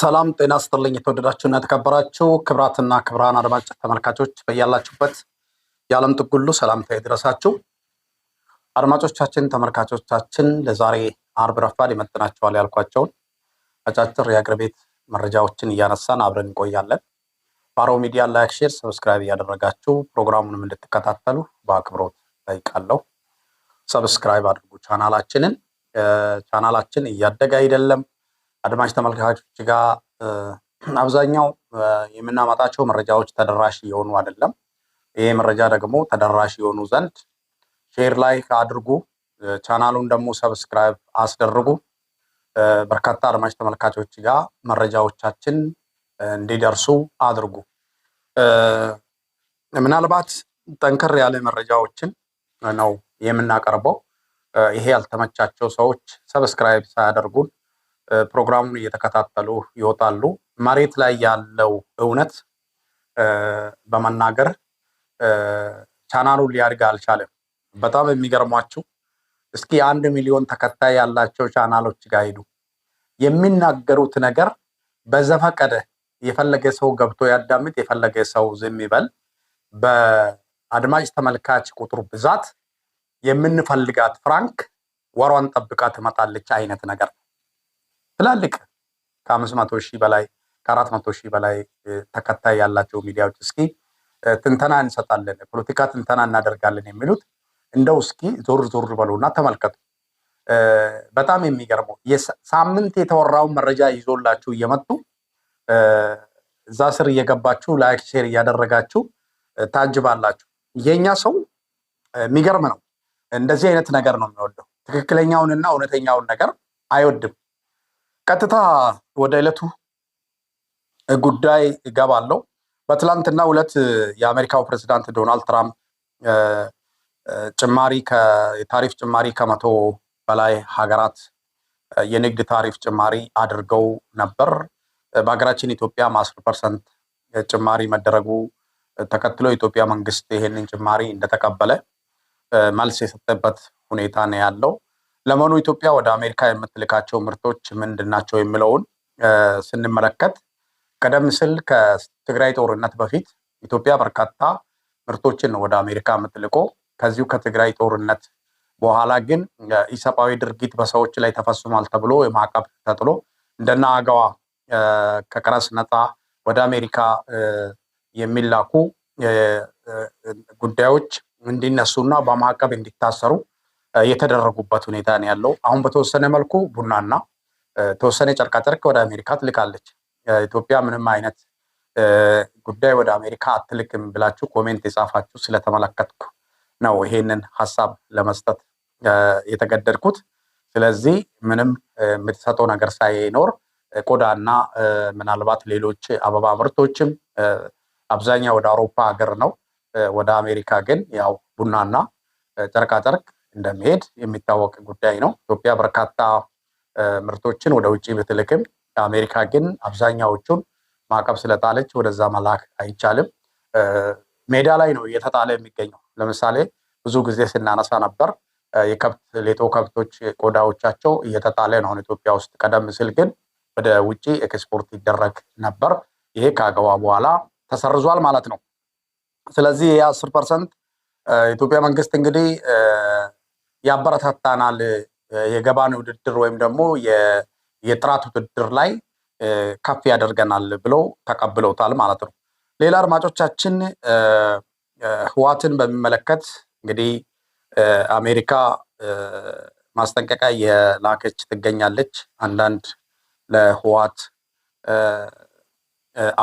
ሰላም ጤና ስጥልኝ። የተወደዳችሁና የተከበራችሁ ክብራትና ክብራን አድማጭ ተመልካቾች በያላችሁበት የዓለም ጥግ ሁሉ ሰላምታ ይድረሳችሁ። አድማጮቻችን፣ ተመልካቾቻችን ለዛሬ አርብ ረፋድ ይመጥናችኋል ያልኳቸውን አጫጭር የአገር ቤት መረጃዎችን እያነሳን አብረን እንቆያለን። ባሮ ሚዲያ ላይክ፣ ሼር፣ ሰብስክራይብ እያደረጋችሁ ፕሮግራሙንም እንድትከታተሉ በአክብሮት ጠይቃለሁ። ሰብስክራይብ አድርጉ ቻናላችንን። ቻናላችን እያደገ አይደለም አድማጭ ተመልካቾች ጋር አብዛኛው የምናመጣቸው መረጃዎች ተደራሽ እየሆኑ አይደለም። ይህ መረጃ ደግሞ ተደራሽ የሆኑ ዘንድ ሼር ላይ አድርጉ፣ ቻናሉን ደግሞ ሰብስክራይብ አስደርጉ። በርካታ አድማጭ ተመልካቾች ጋር መረጃዎቻችን እንዲደርሱ አድርጉ። ምናልባት ጠንከር ያለ መረጃዎችን ነው የምናቀርበው። ይሄ ያልተመቻቸው ሰዎች ሰብስክራይብ ሳያደርጉን ፕሮግራሙን እየተከታተሉ ይወጣሉ። መሬት ላይ ያለው እውነት በመናገር ቻናሉ ሊያድግ አልቻለም። በጣም የሚገርሟችሁ እስኪ አንድ ሚሊዮን ተከታይ ያላቸው ቻናሎች ጋር የሚናገሩት ነገር በዘፈቀደ የፈለገ ሰው ገብቶ ያዳምጥ፣ የፈለገ ሰው ዝም ይበል። በአድማጭ ተመልካች ቁጥር ብዛት የምንፈልጋት ፍራንክ ወሯን ጠብቃ ትመጣለች አይነት ነገር ነው። ትላልቅ ከአምስት መቶ ሺህ በላይ ከአራት መቶ ሺህ በላይ ተከታይ ያላቸው ሚዲያዎች እስኪ ትንተና እንሰጣለን፣ ፖለቲካ ትንተና እናደርጋለን የሚሉት እንደው እስኪ ዞር ዞር በሉና ተመልከቱ። በጣም የሚገርመው ሳምንት የተወራውን መረጃ ይዞላችሁ እየመጡ እዛ ስር እየገባችሁ ላይክ ሼር እያደረጋችሁ ታጅባላችሁ። የኛ ሰው የሚገርም ነው። እንደዚህ አይነት ነገር ነው የሚወደው። ትክክለኛውንና እውነተኛውን ነገር አይወድም። ቀጥታ ወደ ዕለቱ ጉዳይ እገባለሁ። በትላንትና ዕለት የአሜሪካው ፕሬዚዳንት ዶናልድ ትራምፕ ጭማሪ የታሪፍ ጭማሪ ከመቶ በላይ ሀገራት የንግድ ታሪፍ ጭማሪ አድርገው ነበር። በሀገራችን ኢትዮጵያ አስር ፐርሰንት ጭማሪ መደረጉ ተከትሎ የኢትዮጵያ መንግስት ይሄንን ጭማሪ እንደተቀበለ መልስ የሰጠበት ሁኔታ ነው ያለው። ለመሆኑ ኢትዮጵያ ወደ አሜሪካ የምትልካቸው ምርቶች ምንድን ናቸው የሚለውን ስንመለከት ቀደም ሲል ከትግራይ ጦርነት በፊት ኢትዮጵያ በርካታ ምርቶችን ወደ አሜሪካ የምትልቆ። ከዚሁ ከትግራይ ጦርነት በኋላ ግን ኢሰብአዊ ድርጊት በሰዎች ላይ ተፈጽሟል ተብሎ የማዕቀብ ተጥሎ እንደና አገዋ ከቀረስ ነፃ ወደ አሜሪካ የሚላኩ ጉዳዮች እንዲነሱና በማዕቀብ እንዲታሰሩ የተደረጉበት ሁኔታ ነው ያለው። አሁን በተወሰነ መልኩ ቡናና ተወሰነ ጨርቃጨርቅ ወደ አሜሪካ ትልካለች። ኢትዮጵያ ምንም አይነት ጉዳይ ወደ አሜሪካ አትልክም ብላችሁ ኮሜንት የጻፋችሁ ስለተመለከትኩ ነው ይሄንን ሀሳብ ለመስጠት የተገደድኩት። ስለዚህ ምንም የምትሰጠው ነገር ሳይኖር ቆዳና ምናልባት ሌሎች አበባ ምርቶችም አብዛኛው ወደ አውሮፓ ሀገር ነው። ወደ አሜሪካ ግን ያው ቡናና ጨርቃጨርቅ እንደሚሄድ የሚታወቅ ጉዳይ ነው። ኢትዮጵያ በርካታ ምርቶችን ወደ ውጭ ብትልክም አሜሪካ ግን አብዛኛዎቹን ማዕቀብ ስለጣለች ወደዛ መላክ አይቻልም። ሜዳ ላይ ነው እየተጣለ የሚገኘው። ለምሳሌ ብዙ ጊዜ ስናነሳ ነበር የከብት ሌጦ ከብቶች ቆዳዎቻቸው እየተጣለ ነው አሁን ኢትዮጵያ ውስጥ። ቀደም ሲል ግን ወደ ውጭ ኤክስፖርት ይደረግ ነበር። ይሄ ከአገባ በኋላ ተሰርዟል ማለት ነው። ስለዚህ የአስር ፐርሰንት ኢትዮጵያ መንግስት እንግዲህ ያበረታታናል። የገባን ውድድር ወይም ደግሞ የጥራት ውድድር ላይ ከፍ ያደርገናል ብለው ተቀብለውታል ማለት ነው። ሌላ አድማጮቻችን ህዋትን በሚመለከት እንግዲህ አሜሪካ ማስጠንቀቂያ የላከች ትገኛለች። አንዳንድ ለህዋት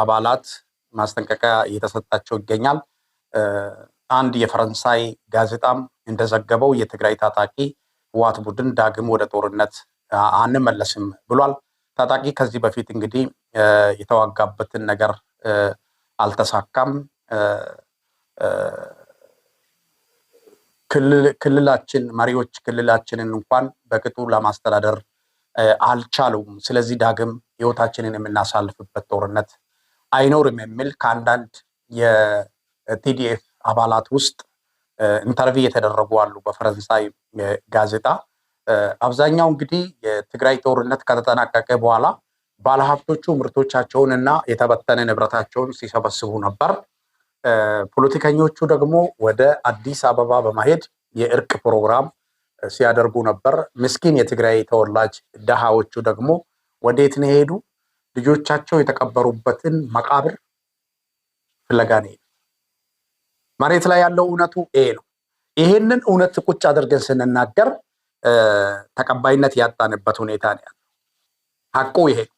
አባላት ማስጠንቀቂያ እየተሰጣቸው ይገኛል። አንድ የፈረንሳይ ጋዜጣም እንደዘገበው የትግራይ ታጣቂ ህወሓት ቡድን ዳግም ወደ ጦርነት አንመለስም ብሏል። ታጣቂ ከዚህ በፊት እንግዲህ የተዋጋበትን ነገር አልተሳካም። ክልላችን መሪዎች ክልላችንን እንኳን በቅጡ ለማስተዳደር አልቻሉም። ስለዚህ ዳግም ህይወታችንን የምናሳልፍበት ጦርነት አይኖርም የሚል ከአንዳንድ የቲዲኤፍ አባላት ውስጥ ኢንተርቪው የተደረጉ አሉ በፈረንሳይ ጋዜጣ። አብዛኛው እንግዲህ የትግራይ ጦርነት ከተጠናቀቀ በኋላ ባለሀብቶቹ ምርቶቻቸውን እና የተበተነ ንብረታቸውን ሲሰበስቡ ነበር። ፖለቲከኞቹ ደግሞ ወደ አዲስ አበባ በማሄድ የእርቅ ፕሮግራም ሲያደርጉ ነበር። ምስኪን የትግራይ ተወላጅ ደሃዎቹ ደግሞ ወዴት ነው የሄዱ? ልጆቻቸው የተቀበሩበትን መቃብር ፍለጋ ነው። መሬት ላይ ያለው እውነቱ ይሄ ነው። ይሄንን እውነት ቁጭ አድርገን ስንናገር ተቀባይነት ያጣንበት ሁኔታ ነው ያለው። ሀቁ ይሄ ነው።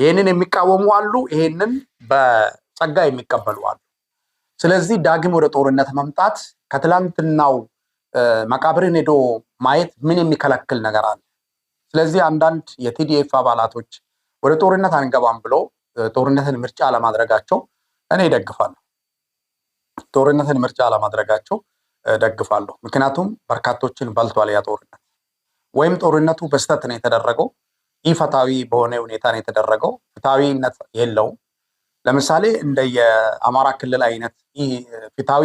ይሄንን የሚቃወሙ አሉ፣ ይሄንን በጸጋ የሚቀበሉ አሉ። ስለዚህ ዳግም ወደ ጦርነት መምጣት ከትላንትናው መቃብርን ሄዶ ማየት ምን የሚከለክል ነገር አለ? ስለዚህ አንዳንድ የቲዲኤፍ አባላቶች ወደ ጦርነት አንገባም ብሎ ጦርነትን ምርጫ ለማድረጋቸው እኔ ይደግፋለሁ። ጦርነትን ምርጫ አለማድረጋቸው ደግፋለሁ። ምክንያቱም በርካቶችን በልቷል ያ ጦርነት ወይም ጦርነቱ በስተት ነው የተደረገው። ኢፈታዊ በሆነ ሁኔታ ነው የተደረገው። ፍታዊነት የለውም። ለምሳሌ እንደ የአማራ ክልል አይነት ይህ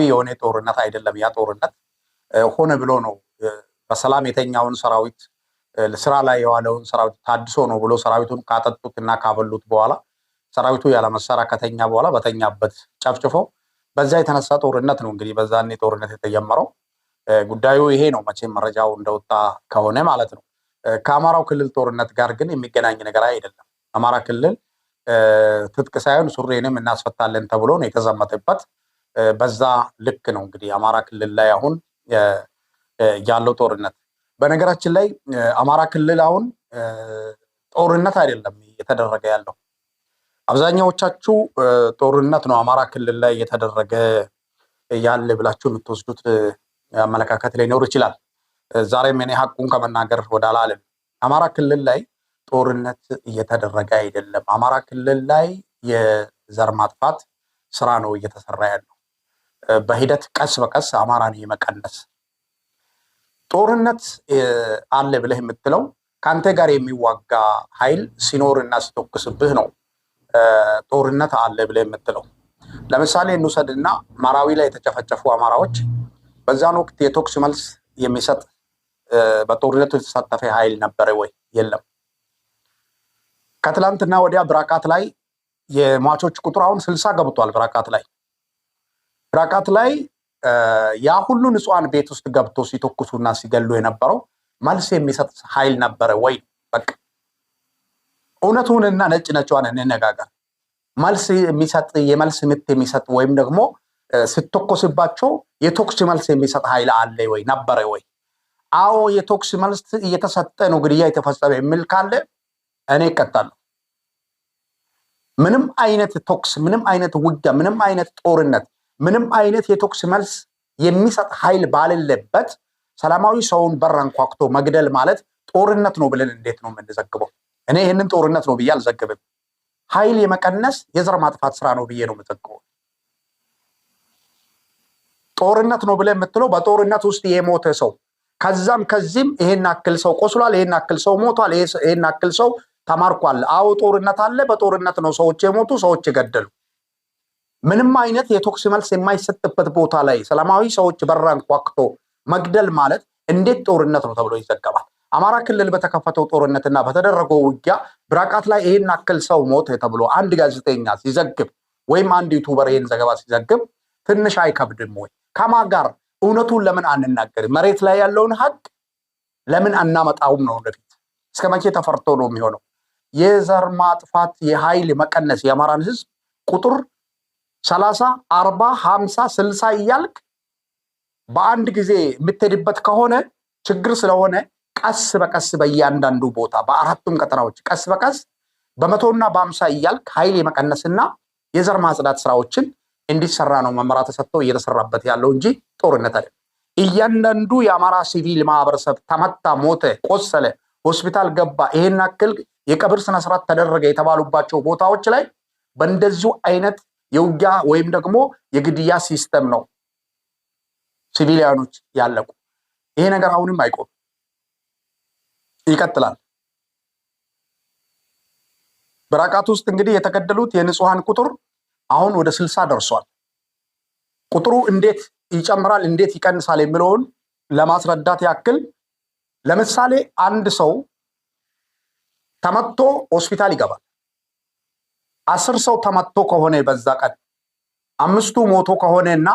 የሆነ ጦርነት አይደለም። ያ ጦርነት ሆነ ብሎ ነው በሰላም የተኛውን ሰራዊት ስራ ላይ የዋለውን ሰራዊት ታድሶ ነው ብሎ ሰራዊቱን ካጠጡት እና ካበሉት በኋላ ሰራዊቱ ያለመሳሪያ ከተኛ በኋላ በተኛበት ጨፍጭፈው በዛ የተነሳ ጦርነት ነው እንግዲህ በዛኔ ጦርነት የተጀመረው። ጉዳዩ ይሄ ነው መቼም መረጃው እንደወጣ ከሆነ ማለት ነው። ከአማራው ክልል ጦርነት ጋር ግን የሚገናኝ ነገር አይደለም። አማራ ክልል ትጥቅ ሳይሆን ሱሪንም እናስፈታለን ተብሎ ነው የተዘመተበት። በዛ ልክ ነው እንግዲህ አማራ ክልል ላይ አሁን ያለው ጦርነት። በነገራችን ላይ አማራ ክልል አሁን ጦርነት አይደለም እየተደረገ ያለው አብዛኛዎቻችሁ ጦርነት ነው አማራ ክልል ላይ እየተደረገ ያለ ብላችሁ የምትወስዱት አመለካከት ሊኖር ይችላል። ዛሬም እኔ ሀቁን ከመናገር ወደ አላለም። አማራ ክልል ላይ ጦርነት እየተደረገ አይደለም። አማራ ክልል ላይ የዘር ማጥፋት ስራ ነው እየተሰራ ያለው በሂደት ቀስ በቀስ አማራን የመቀነስ ጦርነት አለ ብለህ የምትለው ከአንተ ጋር የሚዋጋ ኃይል ሲኖርና ሲተኩስብህ ነው። ጦርነት አለ ብለ የምትለው ለምሳሌ እንውሰድና ማራዊ ላይ የተጨፈጨፉ አማራዎች በዛን ወቅት የቶክስ መልስ የሚሰጥ በጦርነቱ የተሳተፈ ኃይል ነበረ ወይ? የለም። ከትላንትና ወዲያ ብራቃት ላይ የሟቾች ቁጥር አሁን ስልሳ ገብቷል። ብራቃት ላይ ብራቃት ላይ ያ ሁሉ ንጹሐን ቤት ውስጥ ገብቶ ሲተኩሱና ሲገሉ የነበረው መልስ የሚሰጥ ኃይል ነበረ ወይ? በቃ እውነቱንና ነጭ ነጫዋን እንነጋገር። መልስ የሚሰጥ የመልስ ምት የሚሰጥ ወይም ደግሞ ስትተኮስባቸው የቶክስ መልስ የሚሰጥ ኃይል አለ ወይ ነበረ ወይ? አዎ የቶክስ መልስ እየተሰጠ ነው ግድያ የተፈጸመ የሚል ካለ እኔ ይቀጣሉ። ምንም አይነት ቶክስ ምንም አይነት ውጊያ፣ ምንም አይነት ጦርነት፣ ምንም አይነት የቶክስ መልስ የሚሰጥ ኃይል ባልለበት ሰላማዊ ሰውን በር አንኳኩቶ መግደል ማለት ጦርነት ነው ብለን እንዴት ነው የምንዘግበው? እኔ ይህንን ጦርነት ነው ብዬ አልዘግብም። ኃይል የመቀነስ የዘር ማጥፋት ስራ ነው ብዬ ነው የምጠቀው። ጦርነት ነው ብለህ የምትለው በጦርነት ውስጥ የሞተ ሰው ከዛም ከዚህም ይሄን አክል ሰው ቆስሏል፣ ይሄን አክል ሰው ሞቷል፣ ይሄን አክል ሰው ተማርኳል። አዎ ጦርነት አለ። በጦርነት ነው ሰዎች የሞቱ ሰዎች የገደሉ። ምንም አይነት የቶክስ መልስ የማይሰጥበት ቦታ ላይ ሰላማዊ ሰዎች በራን ኳክቶ መግደል ማለት እንዴት ጦርነት ነው ተብሎ ይዘገባል? አማራ ክልል በተከፈተው ጦርነትና በተደረገው ውጊያ ብራቃት ላይ ይህን አክል ሰው ሞት ተብሎ አንድ ጋዜጠኛ ሲዘግብ ወይም አንድ ዩቱበር ይህን ዘገባ ሲዘግብ ትንሽ አይከብድም ወይ? ከማ ጋር እውነቱን ለምን አንናገርም? መሬት ላይ ያለውን ሀቅ ለምን አናመጣውም ነው ወደፊት? እስከ መቼ ተፈርቶ ነው የሚሆነው? የዘር ማጥፋት የኃይል መቀነስ የአማራን ህዝብ ቁጥር ሰላሳ አርባ ሀምሳ ስልሳ እያልክ በአንድ ጊዜ የምትሄድበት ከሆነ ችግር ስለሆነ ቀስ በቀስ በእያንዳንዱ ቦታ በአራቱም ቀጠናዎች ቀስ በቀስ በመቶና በአምሳ እያልክ ኃይል የመቀነስና የዘር ማጽዳት ስራዎችን እንዲሰራ ነው መመራ ተሰጥቶ እየተሰራበት ያለው እንጂ ጦርነት አይደለም። እያንዳንዱ የአማራ ሲቪል ማህበረሰብ ተመታ፣ ሞተ፣ ቆሰለ፣ ሆስፒታል ገባ፣ ይሄን አክል የቀብር ስነስርዓት ተደረገ የተባሉባቸው ቦታዎች ላይ በእንደዚሁ አይነት የውጊያ ወይም ደግሞ የግድያ ሲስተም ነው ሲቪሊያኖች ያለቁ። ይሄ ነገር አሁንም አይቆም። ይቀጥላል። በራቃት ውስጥ እንግዲህ የተገደሉት የንጹሐን ቁጥር አሁን ወደ ስልሳ ደርሷል። ቁጥሩ እንዴት ይጨምራል፣ እንዴት ይቀንሳል የሚለውን ለማስረዳት ያክል ለምሳሌ አንድ ሰው ተመቶ ሆስፒታል ይገባል። አስር ሰው ተመቶ ከሆነ በዛ ቀን አምስቱ ሞቶ ከሆነ እና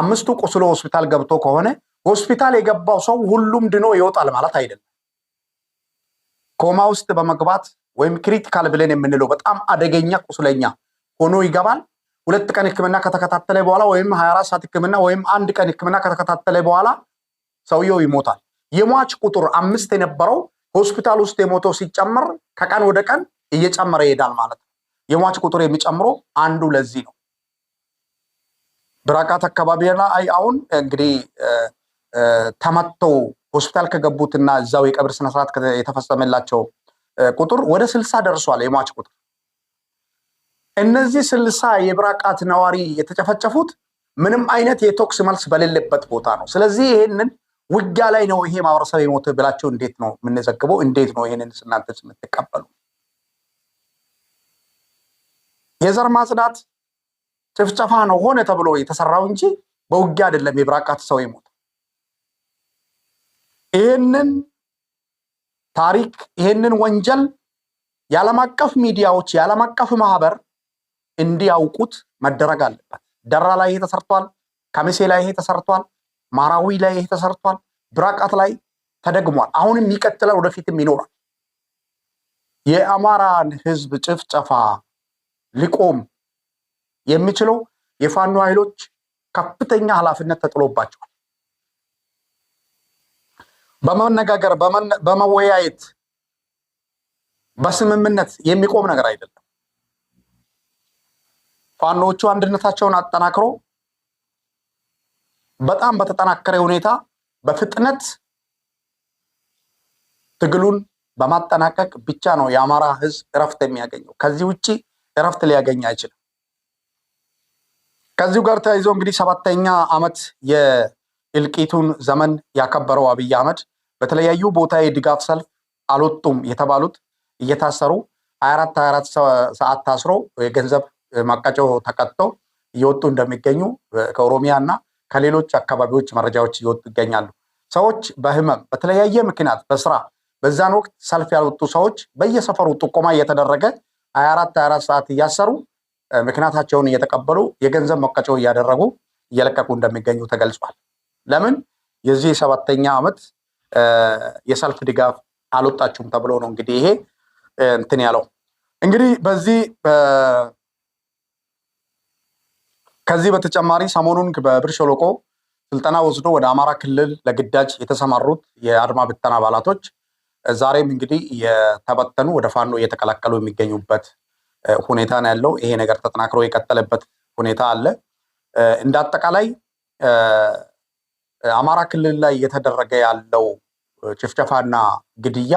አምስቱ ቁስሎ ሆስፒታል ገብቶ ከሆነ ሆስፒታል የገባው ሰው ሁሉም ድኖ ይወጣል ማለት አይደለም። ኮማ ውስጥ በመግባት ወይም ክሪቲካል ብለን የምንለው በጣም አደገኛ ቁስለኛ ሆኖ ይገባል። ሁለት ቀን ህክምና ከተከታተለ በኋላ ወይም ሀያ አራት ሰዓት ህክምና ወይም አንድ ቀን ህክምና ከተከታተለ በኋላ ሰውየው ይሞታል። የሟች ቁጥር አምስት የነበረው ሆስፒታል ውስጥ የሞተው ሲጨምር ከቀን ወደ ቀን እየጨመረ ይሄዳል ማለት ነው። የሟች ቁጥር የሚጨምረው አንዱ ለዚህ ነው። ብራቃት አካባቢ ላይ አሁን እንግዲህ ተመተው ሆስፒታል እና እዛው የቀብር ስነስርዓት የተፈጸመላቸው ቁጥር ወደ ስልሳ ደርሷል። የሟች ቁጥር እነዚህ ስልሳ የብራቃት ነዋሪ የተጨፈጨፉት ምንም አይነት የቶክስ መልስ በሌለበት ቦታ ነው። ስለዚህ ይሄንን ውጊያ ላይ ነው ይሄ ማህበረሰብ የሞተ ብላቸው እንዴት ነው የምንዘግበው? እንዴት ነው ይሄንን እናንተ የምትቀበሉ? የዘር ማጽዳት ጭፍጨፋ ነው ሆነ ተብሎ የተሰራው እንጂ በውጊያ አይደለም የብራቃት ሰው የሞተ ይህንን ታሪክ ይህንን ወንጀል የዓለም አቀፍ ሚዲያዎች የዓለም አቀፍ ማህበር እንዲያውቁት መደረግ አለበት። ደራ ላይ ይሄ ተሰርቷል፣ ከሚሴ ላይ ይሄ ተሰርቷል፣ ማራዊ ላይ ይሄ ተሰርቷል፣ ብራቃት ላይ ተደግሟል። አሁንም ይቀጥላል፣ ወደፊትም ይኖራል። የአማራን ህዝብ ጭፍጨፋ ሊቆም የሚችለው የፋኖ ኃይሎች ከፍተኛ ኃላፊነት ተጥሎባቸዋል። በመነጋገር በመወያየት በስምምነት የሚቆም ነገር አይደለም። ፋኖቹ አንድነታቸውን አጠናክሮ በጣም በተጠናከረ ሁኔታ በፍጥነት ትግሉን በማጠናቀቅ ብቻ ነው የአማራ ሕዝብ እረፍት የሚያገኘው። ከዚህ ውጭ እረፍት ሊያገኝ አይችልም። ከዚሁ ጋር ተያይዞ እንግዲህ ሰባተኛ ዓመት የእልቂቱን ዘመን ያከበረው አብይ አህመድ በተለያዩ ቦታ የድጋፍ ሰልፍ አልወጡም የተባሉት እየታሰሩ 24 24 ሰዓት ታስሮ የገንዘብ ማቃጮ ተቀጥቶ እየወጡ እንደሚገኙ ከኦሮሚያ እና ከሌሎች አካባቢዎች መረጃዎች እየወጡ ይገኛሉ። ሰዎች በህመም በተለያየ ምክንያት በስራ በዛን ወቅት ሰልፍ ያልወጡ ሰዎች በየሰፈሩ ጥቆማ እየተደረገ 24 24 ሰዓት እያሰሩ ምክንያታቸውን እየተቀበሉ የገንዘብ መቀጮ እያደረጉ እየለቀቁ እንደሚገኙ ተገልጿል። ለምን የዚህ ሰባተኛ ዓመት የሰልፍ ድጋፍ አልወጣችሁም ተብሎ ነው እንግዲህ ይሄ እንትን ያለው እንግዲህ በዚህ ከዚህ በተጨማሪ ሰሞኑን በብር ሸለቆ ስልጠና ወስዶ ወደ አማራ ክልል ለግዳጅ የተሰማሩት የአድማ ብተና አባላቶች ዛሬም እንግዲህ የተበተኑ ወደ ፋኖ እየተቀላቀሉ የሚገኙበት ሁኔታ ነው ያለው። ይሄ ነገር ተጠናክሮ የቀጠለበት ሁኔታ አለ። እንደ አጠቃላይ አማራ ክልል ላይ እየተደረገ ያለው ጭፍጨፋና ግድያ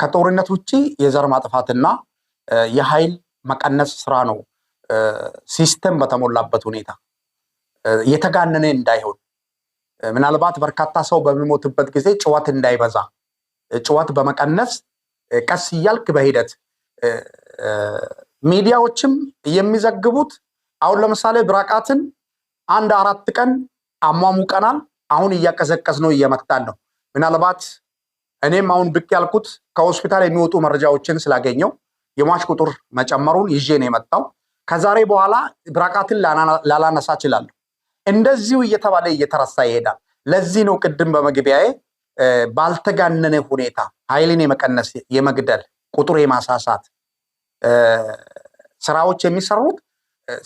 ከጦርነት ውጭ የዘር ማጥፋትና የኃይል መቀነስ ስራ ነው። ሲስተም በተሞላበት ሁኔታ የተጋነነ እንዳይሆን ምናልባት በርካታ ሰው በሚሞትበት ጊዜ ጭዋት እንዳይበዛ ጭዋት በመቀነስ ቀስ እያልክ በሂደት ሚዲያዎችም የሚዘግቡት አሁን ለምሳሌ ብራቃትን አንድ አራት ቀን አሟሙቀናል አሁን እያቀሰቀስ ነው እየመታን ነው። ምናልባት እኔም አሁን ብቅ ያልኩት ከሆስፒታል የሚወጡ መረጃዎችን ስላገኘው የሟች ቁጥር መጨመሩን ይዤ ነው የመጣው። ከዛሬ በኋላ ብራቃትን ላላነሳ እችላለሁ። እንደዚሁ እየተባለ እየተረሳ ይሄዳል። ለዚህ ነው ቅድም በመግቢያዬ ባልተጋነነ ሁኔታ ኃይልን የመቀነስ የመግደል ቁጥር የማሳሳት ስራዎች የሚሰሩት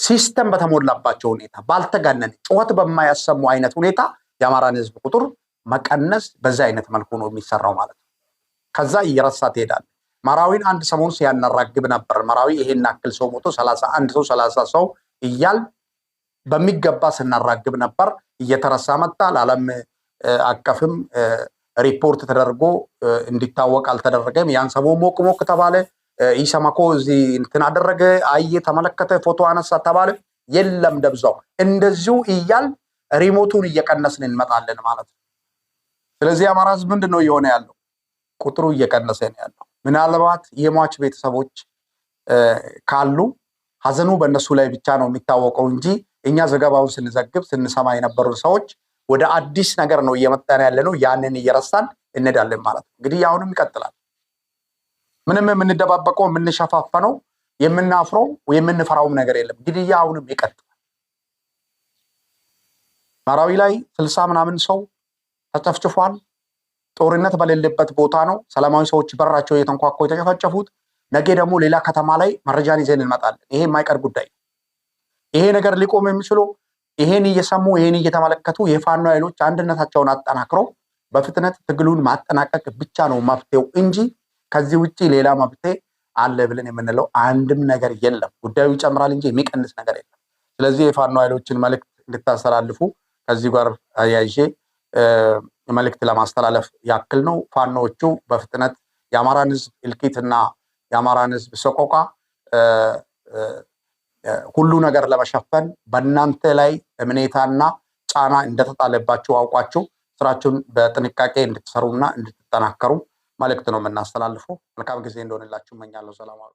ሲስተም በተሞላባቸው ሁኔታ ባልተጋነነ ጩኸት በማያሰሙ አይነት ሁኔታ የአማራን ህዝብ ቁጥር መቀነስ በዚህ አይነት መልኩ ነው የሚሰራው ማለት ነው። ከዛ እየረሳ ትሄዳል። መራዊን አንድ ሰሞን ሲያናራግብ ነበር። መራዊ ይሄን አክል ሰው ሞቶ ሰላሳ አንድ ሰው ሰላሳ ሰው እያል በሚገባ ስናራግብ ነበር። እየተረሳ መጣ። ለዓለም አቀፍም ሪፖርት ተደርጎ እንዲታወቅ አልተደረገም። ያን ሰሞን ሞቅ ሞቅ ተባለ። ኢሰማኮ እዚህ እንትን አደረገ፣ አየ፣ ተመለከተ፣ ፎቶ አነሳ ተባለ። የለም ደብዛው እንደዚሁ እያል ሪሞቱን እየቀነስን እንመጣለን ማለት ነው። ስለዚህ አማራ ህዝብ ምንድን ነው እየሆነ ያለው? ቁጥሩ እየቀነሰ ነው ያለው። ምናልባት የሟች ቤተሰቦች ካሉ ሀዘኑ በእነሱ ላይ ብቻ ነው የሚታወቀው እንጂ እኛ ዘገባውን ስንዘግብ ስንሰማ የነበሩ ሰዎች ወደ አዲስ ነገር ነው እየመጣን ያለ ነው። ያንን እየረሳን እንሄዳለን ማለት ነው። እንግዲህ አሁንም ይቀጥላል። ምንም የምንደባበቀው የምንሸፋፈነው፣ የምናፍረው፣ የምንፈራውም ነገር የለም። ግድያ አሁንም ይቀጥላል። ማራዊ ላይ ስልሳ ምናምን ሰው ተጨፍጭፏል። ጦርነት በሌለበት ቦታ ነው ሰላማዊ ሰዎች በራቸው እየተንኳኮ የተጨፈጨፉት። ነገ ደግሞ ሌላ ከተማ ላይ መረጃን ይዘን እንመጣለን። ይሄ የማይቀር ጉዳይ ይሄ ነገር ሊቆም የሚችለው ይሄን እየሰሙ ይሄን እየተመለከቱ የፋኖ ኃይሎች አንድነታቸውን አጠናክረው በፍጥነት ትግሉን ማጠናቀቅ ብቻ ነው መፍትሄው እንጂ ከዚህ ውጭ ሌላ መፍትሄ አለ ብለን የምንለው አንድም ነገር የለም። ጉዳዩ ይጨምራል እንጂ የሚቀንስ ነገር የለም። ስለዚህ የፋኖ ኃይሎችን መልእክት እንድታስተላልፉ ከዚህ ጋር አያይዤ መልእክት ለማስተላለፍ ያክል ነው። ፋኖዎቹ በፍጥነት የአማራን ህዝብ እልቂትና የአማራን ህዝብ ሰቆቃ ሁሉ ነገር ለመሸፈን በእናንተ ላይ እምኔታና ጫና እንደተጣለባችሁ አውቋችሁ ስራችሁን በጥንቃቄ እንድትሰሩና እንድትጠናከሩ መልእክት ነው የምናስተላልፈው። መልካም ጊዜ እንደሆነላችሁ እመኛለሁ። ሰላም